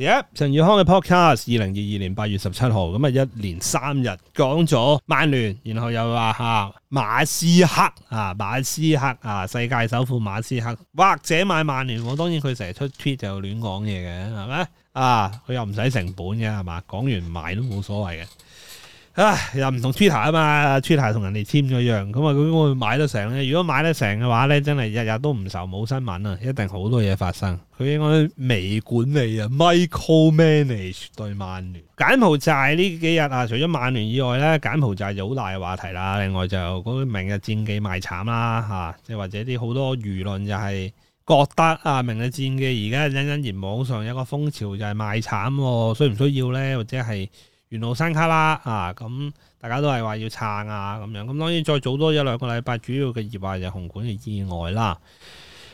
耶！陳宇、yep, 康嘅 podcast，二零二二年八月十七號，咁啊一連三日講咗曼聯，然後又話吓馬斯克啊，馬斯克，啊，馬斯克啊，世界首富馬斯克，或、啊、者買曼，曼聯，我當然佢成日出 tweet 就亂講嘢嘅，係咪啊？佢又唔使成本嘅，係嘛？講完買都冇所謂嘅。又唔同 Twitter 啊嘛，Twitter 同人哋簽咗約，咁啊佢會買得成咧。如果買得成嘅話咧，真係日日都唔愁冇新聞啊，一定好多嘢發生。佢應該微管理啊 micro manage 對曼聯。柬埔寨呢幾日啊，除咗曼聯以外咧，柬埔寨又好大嘅話題啦。另外就嗰明日戰記賣慘啦，嚇、啊，即係或者啲好多輿論就係覺得啊，明日戰記而家隱隱然網上有個風潮就係賣慘，需唔需要咧，或者係？元老山卡啦啊，咁大家都係話要撐啊，咁樣，咁當然再早多一兩個禮拜，主要嘅熱話就係紅館嘅意外啦。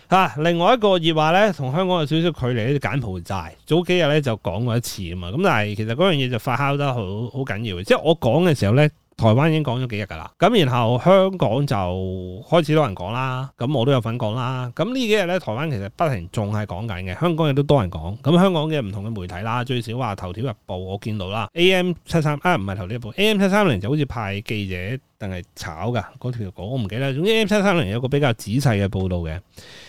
啊，另外一個熱話咧，同香港有少少距離咧，柬埔寨早幾日咧就講過一次啊嘛，咁但係其實嗰樣嘢就發酵得好好緊要嘅，即係我講嘅時候咧。台灣已經講咗幾日㗎啦，咁然後香港就開始多人講啦，咁我都有份講啦。咁呢幾日咧，台灣其實不停仲係講緊嘅，香港亦都多人講。咁香港嘅唔同嘅媒體啦，最少話《頭條日報》，我見到啦。A M 七三啊，唔係《頭條日報》，A M 七三零就好似派記者定係炒噶嗰條稿，我唔記得。總之 A M 七三零有個比較仔細嘅報導嘅，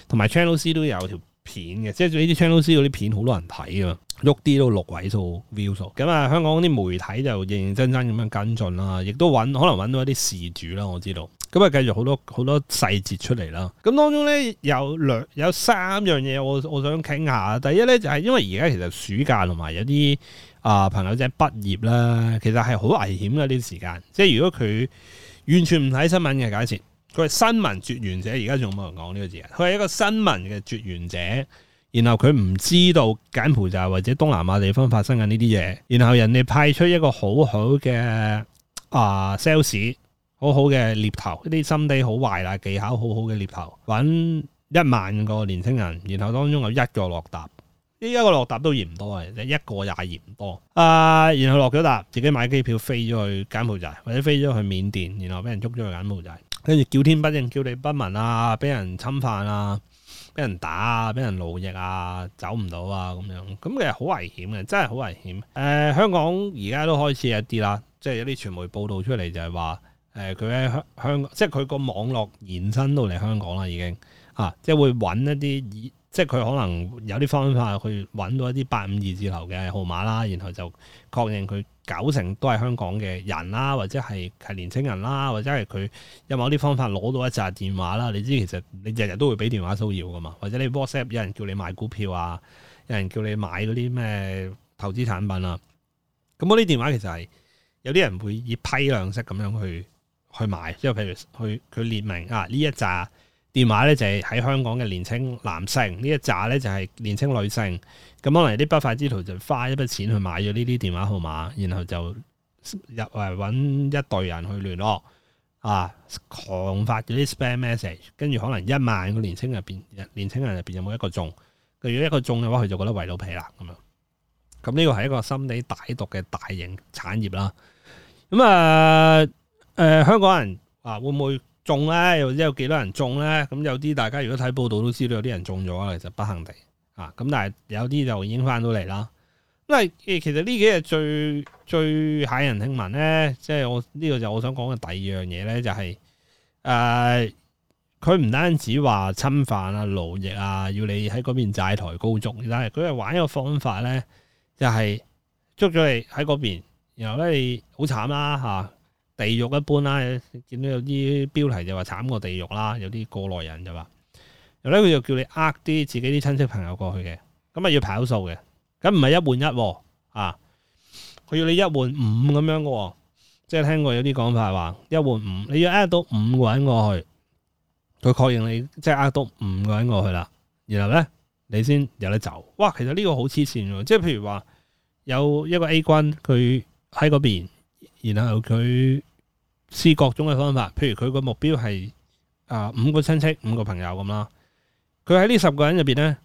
同埋 Channel C 都有條片嘅，即係呢啲 channel C 啲片好多人睇啊，喐啲都六位數 views 咁啊。嗯！香港啲媒體就認認真真咁樣跟進啦，亦都揾可能揾到一啲事主啦。我知道咁啊、嗯，繼續好多好多細節出嚟啦。咁、嗯、當中咧有兩有三樣嘢，我我想傾下。第一咧就係、是、因為而家其實暑假同埋有啲啊、呃、朋友仔畢業啦，其實係好危險嘅呢啲時間。即係如果佢完全唔睇新聞嘅解説。佢係新聞絕緣者，而家仲冇人講呢個字。佢係一個新聞嘅絕緣者，然後佢唔知道柬埔寨或者東南亞地方發生緊呢啲嘢。然後人哋派出一個好、呃、好好嘅啊 sales，好好嘅獵頭，一啲心地好壞啦，技巧好好嘅獵頭，揾一萬個年輕人，然後當中有一個落搭，呢一個落搭都嫌多嘅，一個也嫌多啊、呃。然後落咗搭，自己買機票飛咗去柬埔寨，或者飛咗去緬甸，然後俾人捉咗去柬埔寨。跟住叫天不應，叫地不聞啊！俾人侵犯啊，俾人打啊，俾人奴役啊，走唔到啊，咁樣咁其實好危險嘅，真係好危險。誒、呃，香港而家都開始一啲啦，即係有啲傳媒報道出嚟就係話，誒佢喺香香，即係佢個網絡延伸到嚟香港啦，已經啊，即係會揾一啲以，即係佢可能有啲方法去揾到一啲八五二字頭嘅號碼啦，然後就確認佢。九成都係香港嘅人啦，或者係係年青人啦，或者係佢有某啲方法攞到一扎電話啦。你知其實你日日都會俾電話騷擾㗎嘛，或者你 WhatsApp 有人叫你買股票啊，有人叫你買嗰啲咩投資產品啊。咁嗰啲電話其實係有啲人會以批量式咁樣去去買，即係譬如去佢列明啊呢一扎，電話咧就係、是、喺香港嘅年青男性，一呢一紮咧就係、是、年青女性，咁可能啲不法之徒就花一筆錢去買咗呢啲電話號碼，然後就入嚟揾一隊人去聯絡，啊，狂發咗啲 spam message，跟住可能一萬個年青人入邊，年青人入邊有冇一個中，佢如果一個中嘅話，佢就覺得為到皮啦咁樣。咁呢個係一個心理歹毒嘅大型產業啦。咁、嗯、啊，誒、呃呃、香港人啊，會唔會？中咧，又或者有幾多人中咧？咁有啲大家如果睇報道都知道有啲人中咗，其實不幸地啊。咁但係有啲就已經翻到嚟啦。因為其實呢幾日最最駭人聽聞咧，即係我呢個就我想講嘅第二樣嘢咧，就係誒，佢唔單止話侵犯啊、勞役啊，要你喺嗰邊債台高築，但係佢係玩一個方法咧，就係捉咗你喺嗰邊，然後咧你好慘啦、啊、吓。啊地獄一般啦，見到有啲標題就話慘過地獄啦，有啲過來人就話，然後咧佢就叫你呃啲自己啲親戚朋友過去嘅，咁啊要跑數嘅，咁唔係一換一啊，佢要你一換五咁樣嘅，即係聽過有啲講法話一換五，你要呃到五個人過去，佢確認你即係呃到五個人過去啦，然後咧你先有得走。哇，其實呢個好黐線嘅，即係譬如話有一個 A 軍佢喺嗰邊，然後佢。試各種嘅方法，譬如佢個目標係啊五個親戚、五個朋友咁啦。佢喺呢十個人入邊咧，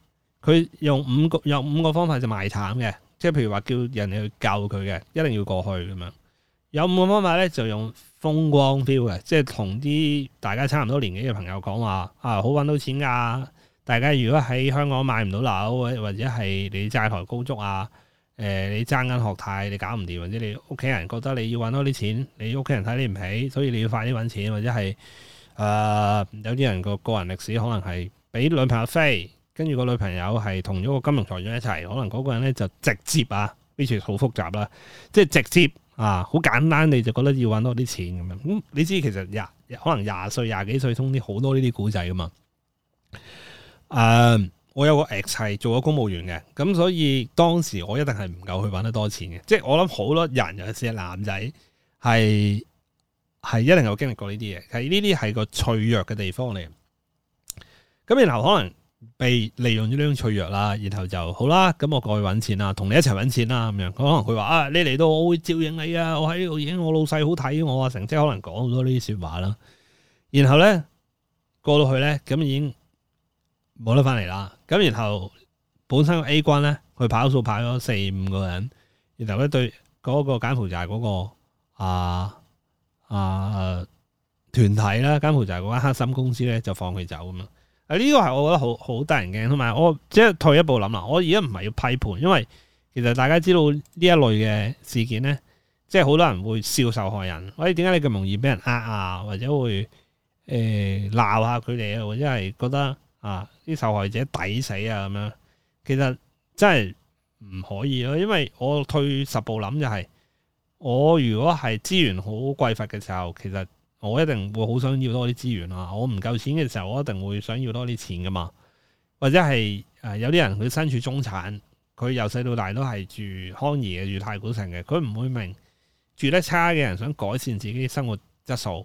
佢用五個用五個方法就賣慘嘅，即係譬如話叫人哋去救佢嘅，一定要過去咁樣。有五個方法咧，就用風光 feel 嘅，即係同啲大家差唔多年紀嘅朋友講話啊，好搵到錢㗎、啊。大家如果喺香港買唔到樓，或者係你債台高築啊。誒、呃，你爭緊學貸，你搞唔掂，或者你屋企人覺得你要搵多啲錢，你屋企人睇你唔起，所以你要快啲搵錢，或者係誒、呃，有啲人個個人歷史可能係俾女朋友飛，跟住個女朋友係同咗個金融財長一齊，可能嗰個人咧就直接啊，呢好複雜啦，即、就、係、是、直接啊，好簡單你就覺得要搵多啲錢咁樣，嗯，你知其實廿可能廿歲廿幾歲通啲好多呢啲古仔噶嘛。嗯、啊。我有個 ex 係做咗公務員嘅，咁所以當時我一定係唔夠去揾得多錢嘅。即係我諗好多人尤其係男仔，係係一定有經歷過呢啲嘢，係呢啲係個脆弱嘅地方嚟。咁然後可能被利用咗呢種脆弱啦，然後就好啦。咁我過去揾錢啦，同你一齊揾錢啦，咁樣。可能佢話啊，你嚟到我會照應你啊，我喺度已經我老細好睇我啊，成即可能講咗呢啲說話啦。然後咧過到去咧，咁已經冇得翻嚟啦。咁然後本身 A 軍咧，佢跑數跑咗四五個人，然後咧對嗰個柬埔寨嗰、嗰個啊啊、呃呃、團體啦，柬埔寨嗰間黑心公司咧，就放佢走咁咯。啊呢、呢個係我覺得好好得人驚，同埋我，我即係退一步諗啦，我而家唔係要批判，因為其實大家知道呢一類嘅事件咧，即係好多人會笑受害人。喂，點解你咁容易俾人呃啊？或者會誒鬧、呃、下佢哋啊？或者係覺得？啊！啲受害者抵死啊！咁樣，其實真係唔可以咯，因為我退十步諗就係、是，我如果係資源好匱乏嘅時候，其實我一定會好想要多啲資源啊。我唔夠錢嘅時候，我一定會想要多啲錢噶嘛。或者係誒，有啲人佢身處中產，佢由細到大都係住康怡嘅，住太古城嘅，佢唔會明住得差嘅人想改善自己生活質素。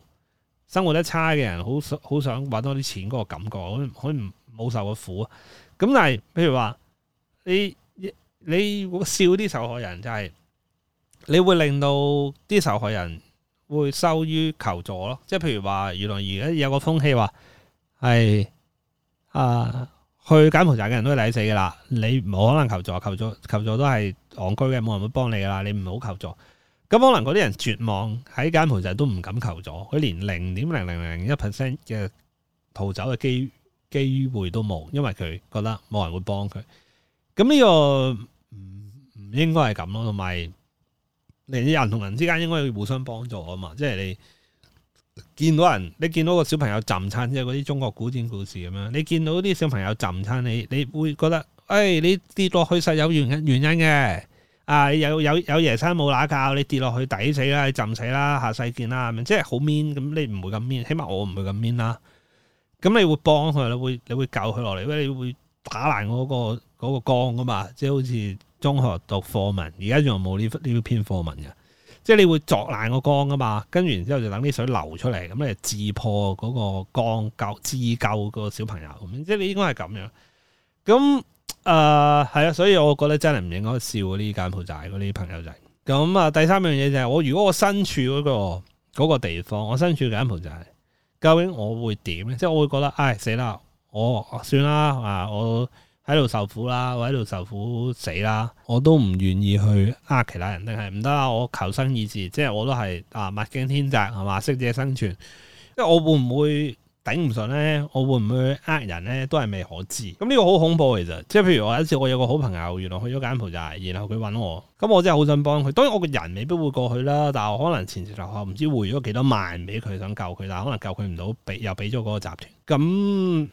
生活得差嘅人，好想好想揾多啲錢嗰個感覺，佢佢唔冇受過苦啊！咁但係，譬如話你你笑啲受害人就係、是，你會令到啲受害人會羞於求助咯。即係譬如話，原來而家有個風氣話係啊，去柬埔寨嘅人都係抵死噶啦，你唔可能求助，求助求助都係戇居嘅，冇人會幫你噶啦，你唔好求助。咁可能嗰啲人絕望喺柬埔寨都唔敢求助，佢連零點零零零一 percent 嘅逃走嘅機機會都冇，因為佢覺得冇人會幫佢。咁、這、呢個唔唔、嗯、應該係咁咯，同埋你人同人之間應該要互相幫助啊嘛。即係你見到人，你見到個小朋友浸親，即係嗰啲中國古典故事咁樣，你見到啲小朋友浸親，你你會覺得，誒、哎、你跌落去實有原因原因嘅。啊！有有有爺生冇乸教，你跌落去抵死啦，你浸死啦，下世見啦，即係好 mean。咁你唔會咁 mean，起碼我唔會咁 mean 啦。咁你會幫佢，你會你會救佢落嚟，因為你會打爛嗰個嗰個缸噶嘛。即係好似中學讀課文，而家仲冇呢呢篇課文嘅，即係你會作爛個缸噶嘛。跟住然之後就等啲水流出嚟，咁你自破嗰個缸救自救個小朋友咁樣，即係你應該係咁樣。咁。誒係啊，所以我覺得真係唔應該笑嗰啲柬埔寨嗰啲朋友仔。咁啊，第三樣嘢就係、是、我如果我身處嗰、那個那個地方，我身處嘅柬埔寨就究竟我會點咧？即係我會覺得，唉、哎、死啦，我算啦啊，我喺度受苦啦，我喺度受苦死啦，我都唔願意去呃、啊、其他人，定係唔得啦？我求生意志，即係我都係啊，物競天擇係嘛，適者生存，即係我會唔會？頂唔順咧，我會唔會呃人咧，都係未可知。咁、嗯、呢、這個好恐怖其實，即係譬如我有一次，我有個好朋友，原來去咗柬埔寨，然後佢揾我，咁我真係好想幫佢。當然我個人未必會過去啦，但係我可能前前後後唔知匯咗幾多萬俾佢，想救佢，但係可能救佢唔到，俾又俾咗嗰個集團。咁、嗯、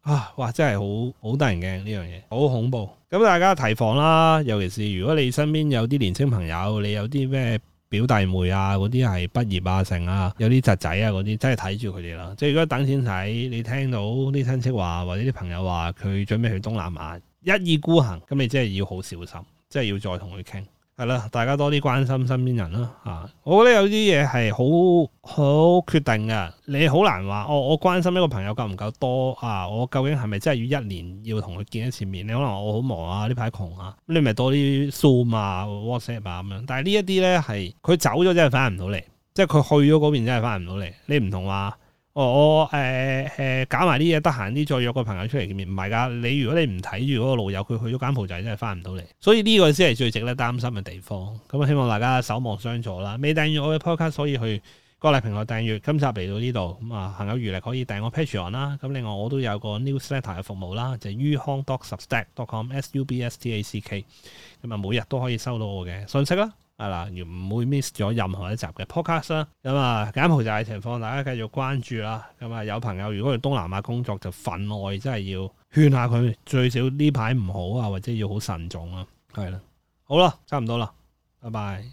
啊，哇，真係好好得人驚呢樣嘢，好恐怖。咁、嗯、大家提防啦，尤其是如果你身邊有啲年青朋友，你有啲咩？表弟妹啊，嗰啲係畢業啊，成啊，有啲侄仔啊，嗰啲真係睇住佢哋啦。即係如果等錢使，你聽到啲親戚話或者啲朋友話佢準備去東南亞，一意孤行，咁你真係要好小心，即係要再同佢傾。係啦，大家多啲關心身邊人啦嚇、啊，我覺得有啲嘢係好好決定嘅，你好難話我、哦、我關心一個朋友夠唔夠多啊？我究竟係咪真係要一年要同佢見一次面？你可能話我好忙啊，呢排窮啊，你咪多啲 Zoom 啊 WhatsApp 啊咁樣。但係呢一啲咧係佢走咗真係翻唔到嚟，即係佢去咗嗰邊真係翻唔到嚟。你唔同話、啊。哦、我誒誒、欸呃、搞埋啲嘢，得閒啲再約個朋友出嚟見面。唔係㗎，你如果你唔睇住嗰個老友，佢去咗柬埔寨真係翻唔到嚟。所以呢個先係最值得擔心嘅地方。咁、嗯、啊，希望大家守望相助啦。未訂閱我嘅 podcast，所以去各個平台訂閱。今集嚟到呢度，咁、嗯、啊，行有餘力可以訂閱我 Patreon 啦。咁另外我都有個 newsletter 嘅服務啦，就係、是、於康 substack.com/su u b DOT b s t a c 咁啊，K, 每日都可以收到我嘅。訊息啦。係啦，唔、嗯、會 miss 咗任何一集嘅 podcast 啦。咁啊，柬埔寨情況大家繼續關注啦。咁啊、嗯，有朋友如果去東南亞工作就份外，真係要勸下佢，少最少呢排唔好啊，或者要好慎重啊。係啦的，好啦，差唔多啦，拜拜。